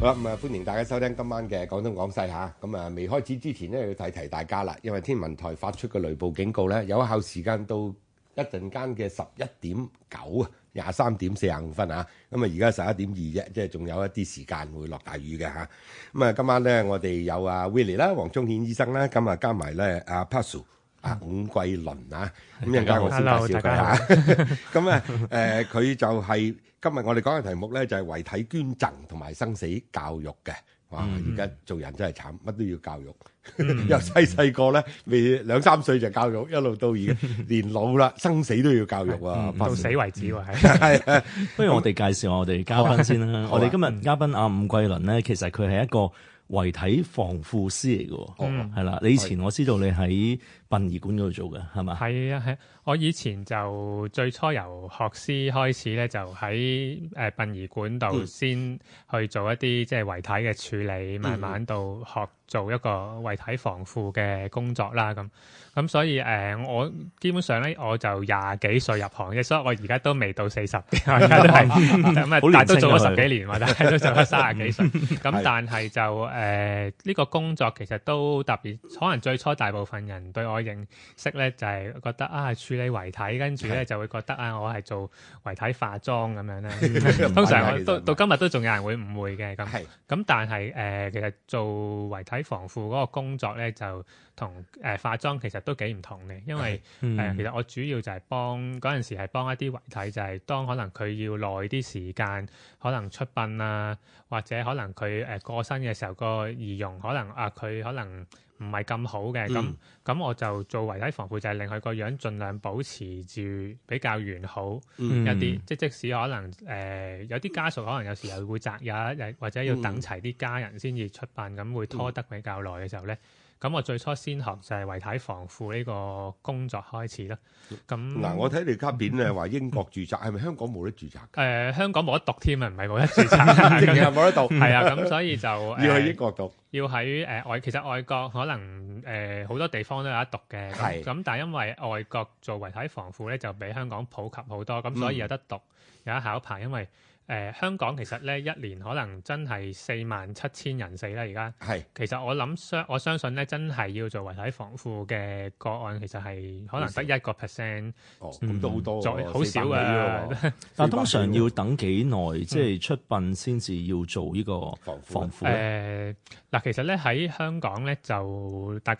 好啦，咁啊，歡迎大家收聽今晚嘅講東講西吓。咁啊，未開始之前咧，要提提大家啦，因為天文台發出嘅雷暴警告咧，有效時間到一陣間嘅十一點九啊，廿三點四十五分吓。咁啊，而家十一點二啫，即係仲有一啲時間會落大雨嘅吓。咁啊，今晚咧，我哋有啊 Willie 啦，黃宗顯醫生啦，咁啊，加埋咧阿 Pasu 啊，伍桂麟啊，咁、嗯、一陣間我先介紹佢吓。咁啊，誒，佢就係今日我哋講嘅題目咧，就係遺體捐贈同埋生死教育嘅。哇，而家做人真係慘，乜都要教育， 由細細個咧未兩三歲就教育，一路到而家，連老啦，生死都要教育啊， 嗯嗯、到死為止喎、啊，係、 啊。 不如我哋介紹我哋嘉賓先啦。我哋今日嘉賓啊，賓啊伍桂麟咧，其實佢係一個。遺體防腐師嚟嘅，係啦、嗯。你以前我知道你喺殯儀館嗰度做嘅，係嘛？係啊，係。我以前就最初由學師開始咧，就喺誒殯儀館度先去做一啲即係遺體嘅處理，嗯、慢慢到學。做一個遺體防腐嘅工作啦，咁咁所以誒、呃，我基本上咧我就廿幾歲入行嘅，所以我而家都未到四十嘅，都係咁 啊，但都做咗十幾年， 但係都做咗三十幾歲，咁但係就誒呢個工作其實都特別，可能最初大部分人對我認識咧就係、是、覺得啊處理遺體，跟住咧 就會覺得啊我係做遺體化妝咁樣咧， 通常到我 不到今日都仲有人會誤會嘅咁，咁但係誒、呃、其實做遺體。喺防腐嗰個工作咧，就同誒、呃、化妝其實都幾唔同嘅，因為誒、嗯呃、其實我主要就係幫嗰陣時係幫一啲遺體，就係、是、當可能佢要耐啲時間，可能出殯啊，或者可能佢誒、呃、過身嘅時候個儀容，可能啊佢、呃、可能。唔係咁好嘅，咁咁、嗯、我就做遺體防腐就係令佢個樣盡量保持住比較完好一啲，嗯、有即即使可能誒、呃、有啲家屬可能有時候會擇日，或者要等齊啲家人先至出殯，咁、嗯、會拖得比較耐嘅時候咧。嗯呢咁我最初先學就係遺體防腐呢個工作開始啦。咁嗱，我睇你卡片咧話英國住宅係咪、嗯、香港冇得住宅？誒、呃，香港冇得讀添啊，唔係冇得住宅，係冇 得讀。係 啊，咁所以就 要去英國讀，要喺誒外其實外國可能誒好、呃、多地方都有得讀嘅。係咁是，但係因為外國做遺體防腐咧，就比香港普及好多，咁所以有得讀，嗯、有得考牌，因為。誒、呃、香港其實咧一年可能真係四萬七千人死啦，而家係其實我諗相我相信咧真係要做遺體防腐嘅個案，其實係可能得一個 percent 哦，咁、哦嗯、都好多，好少啊！ 但通常要等幾耐，嗯、即係出殯先至要做呢個防腐誒嗱、呃，其實咧喺香港咧就大家。